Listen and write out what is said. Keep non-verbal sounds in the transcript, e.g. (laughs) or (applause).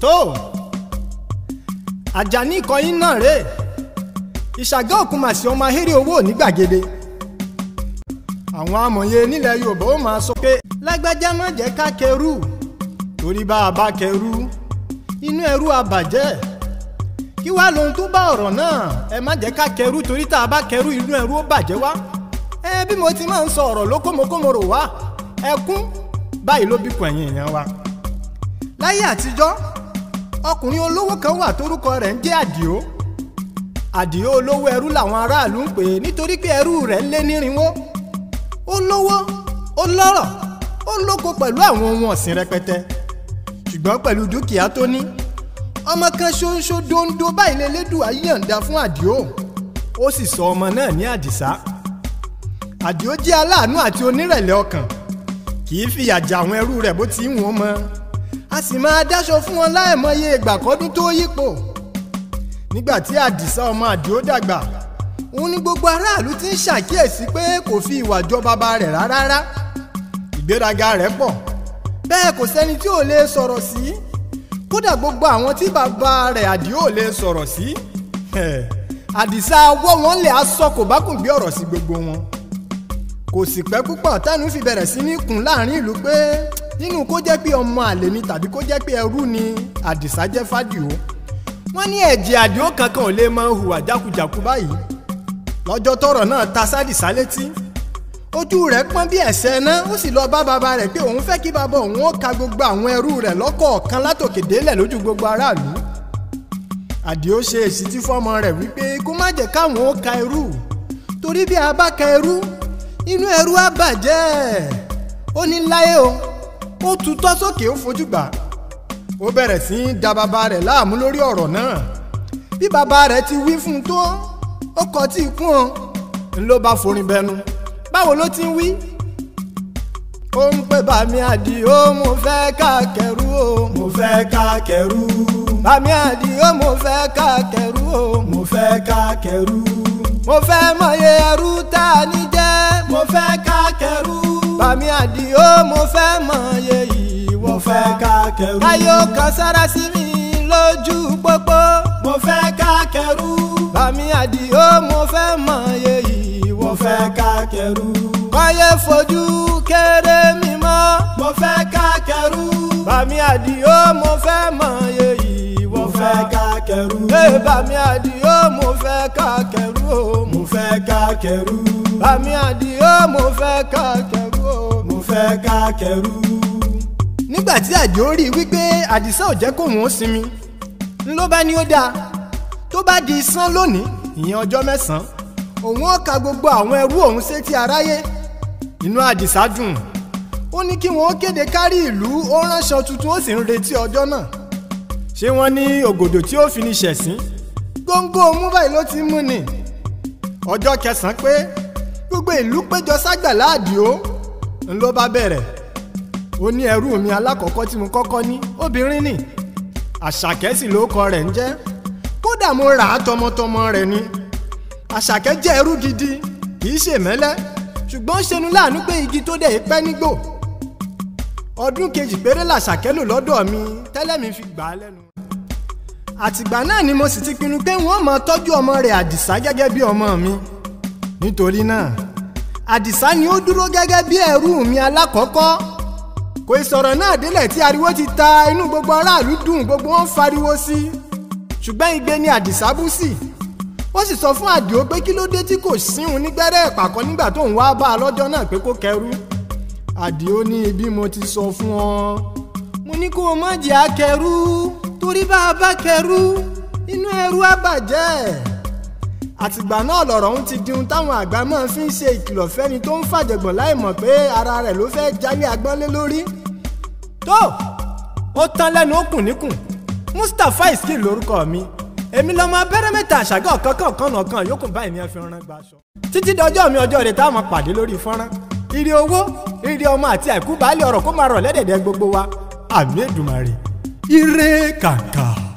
tó àjàní ìkọyín náà rè ìṣàgá òkúmàsì ọmọ ahéré owó ní gbàgede àwọn amòye nílẹ̀ yorùbá ó máa sọ pé lágbájá má jẹ́ ká kẹrù torí bá a bá kẹrù inú ẹrú abàjẹ́ kí wàá lohun tó bá ọ̀rọ̀ náà ẹ má jẹ́ ká kẹrù torí tá a bá kẹrù inú ẹrú ó bàjẹ́ wá ẹ bí mo ti máa ń sọ ọ̀rọ̀ lókòmókòmòrò wá ẹkún báyìí ló bí kùn ẹ̀yìn èèyàn wa láyé àtijọ́ ọkùnrin olówó kan wà torúkọ rẹ̀ ń jẹ́ àdìó àdìó olówó ẹrú làwọn aráàlú ń pè é nítorí pé ẹrú rẹ̀ lé nírínwó ó lówó ó lọ́rọ̀ ó lóko pẹ̀lú àwọn ohun ọ̀sìn rẹpẹtẹ ṣùgbọ́n pẹ̀lú dúkìá tó ní ọmọ kan ṣoṣo dondo báyìí lélẹ́dùn ayéyànda fún àdìó ó sì sọ ọmọ náà ní àdìsá àdìó jẹ́ aláàánú àti onírẹ̀lẹ̀ ọkàn kì í fìyà jẹ àwọn ẹrú rẹ̀ bó ti ń wọ́n mọ́ a sì máa dáṣọ fún wọn láìmọye ìgbà kọ́dún tó yípo nígbà tí àdìsá ọmọ àdìó dàgbà òun ni gbogbo aráàlú ti ń ṣàkíyèsí pé kò fi ìwà jọ bàbá rẹ̀ rárá ìgbéraga rẹ̀ pọ̀ bẹ́ẹ̀ kò sẹ́ni tí ò lè sọ̀rọ̀ sí kódà gbogbo àwọn tí bàbá rẹ̀ àdìó lè sọ̀rọ̀ sí (laughs) àdìsá ọwọ́ wọn lè aṣọ kò bá kùn gbé ọ̀rọ̀ sí gbogbo wọn kò sì pẹ́ púpọ̀ tánú fi bẹ̀rẹ̀ sí ní kùn láàrin ìlú pé nínú kó jẹ́ pé ọmọ àlè ni tàbí kó jẹ́ pé ẹrú ni àdìsá jẹ́ fádìó wọ́n ní ẹ̀jẹ̀ àdìó kankan ò lè mọ hùwà jákujàku báyìí lọ́jọ́ tọ́rọ̀ náà ta sádìsá létí ojú rẹ̀ pọ́n bí ẹ̀sẹ̀ náà ó sì lọ bá bàbá rẹ̀ pé òun fẹ́ kí bàbá òun ó ka gbogbo àwọn ẹrú rẹ̀ lọ́kọ̀ọ̀kan látòkè délẹ̀ lójú gbogbo aráàlú àdìó ṣe èsìtí fọ́mọ rẹ̀ wípé kó má jẹ́ káwọn ó ka ẹrú torí bí a bá ka ẹrú inú ẹrú á bàjẹ́ ó ní láyé o ó tutọ́ sókè ó fojú gbà ó bẹ̀rẹ̀ sí í da bàbá rẹ̀ láàmú lórí ọ̀rọ̀ náà bí bàbá rẹ̀ ti wí fún un tó ó kọ tí ì kún ọ ń ló bá forin bẹnu báwo ló ti ń wí. ó ń pè bàmí àdìó mo fẹ́ ká kẹrù o mo fẹ́ ká kẹrù bàmí àdìó mo fẹ́ ká kẹrù o mo fẹ́ ká kẹrù mo fẹ́ mọye ẹrú tá a ní jẹ́ mo fẹ́ ká kẹrù bàmí àdìó kẹrù. Táyọ̀ kan sí mi lójú pópó. Mo fẹ́ ká kẹrù. Bàmí Àdìó mo fẹ́ mọ̀ iye yìí. Mo fẹ́ ká kẹrù. Kọ́yé fojú kéré mi mọ́. Mo fẹ́ ká kẹrù. Bàmí Àdìó mo fẹ́ mọ̀ iye yìí. Mo fẹ́ ká kẹrù. Ee eh, Bàmí Àdìó mo fẹ́ ká kẹrù Mo fẹ́ ká kẹrù. Bàmí Àdìó mo fẹ́ ká kẹrù Mo fẹ́ ká kẹrù nígbà tí àjò rí i wípé àdìsá ò jẹ́ kóun ó sinmi ló bá ní ó dáa tó bá di sán lónìí ìyẹn ọjọ́ mẹ́sàn-án òun ó ka gbogbo àwọn ẹrú òun sétí aráyé inú àdìsá dùn ó ní kí wọn ó kéde kárí ìlú ó ránṣọ tuntun ó sì ń retí ọjọ́ náà ṣé wọ́n ní ògòdò tí ó fi ní ṣẹ̀sín góńgó mú ló ti mú ni ọjọ́ kẹsàn-án pé gbogbo ìlú péjọ ságbàlá àdìó ńlọ bá bẹ̀rẹ̀ ó ní ẹrú mi alákọ̀ọ́kọ́ tí mo kọ́kọ́ ní obìnrin ni àṣàkẹ́ sì lórúkọ rẹ̀ ń jẹ́ kódà mo rà á tọmọtọmọ rẹ̀ ni àṣàkẹ́ jẹ́ ẹrú gidi kì í ṣe mẹ́lẹ́ ṣùgbọ́n ṣenu láàánú pé igi tó dẹ̀ pẹ́ nígbò ọdún kejì péré làṣàkẹ́ lò lọ́dọ̀ mi tẹ́lẹ̀ mi fi gbà á lẹ́nu. àtìgbà náà ni mo sì ti pinnu pé wọ́n máa tọ́jú ọmọ rẹ̀ àdìsá gẹ́gẹ́ bí ọmọ mi nítorí náà àdìsá ni ó dúró gẹ́gẹ́ bí ẹrú mi alákọ̀ọ́kọ́ kò ì sọ̀rọ̀ náà délẹ̀ tí ariwo ti ta inú gbogbo aráàlú dùn gbogbo wọn fariwo sí i ṣùgbọ́n igbe ni àdìsá bú sí wọ́n sì sọ fún àdìó pé kí ló dé tí kò síhun nígbẹ́rẹ́ ìpàkọ́ nígbà tó ń wá bá a lọ́jọ́ náà pé kó kẹrú àdìó ní ibi mo ti sọ fún ọ mo ní kó o má jẹ́ akẹrú torí bá a bá kẹrú inú ẹrú á bàjẹ́ àtìgbà náà lọ̀rọ̀ ń ti di ohun táwọn àgbà máa fi ń ṣe ìkìlọ̀ fẹ́ni tó ń fàjẹ̀gbọ̀n láì mọ̀ pé ara rẹ̀ ló fẹ́ jálé agbọ́nlé lórí tó ó tán lẹ́nu ó kùn níkùn Mustapha Iskin lórúkọ mi èmi lọmọ abẹ́rẹ́ mẹ́ta àṣàgọ́ kankan kanà kan yòókù báyìí ni ẹ fi rán gba aṣọ. títí dọjọ́ mi ọjọ́ rẹ̀ tá a máa pàdé lórí fọ́nrán ire owó ire ọmọ àti àìkú baálé ọ̀rọ̀ kó máa rọ̀ lẹ́dẹ̀dẹ̀ gbogbo wa àmì Èdùmàrè ire kàkà.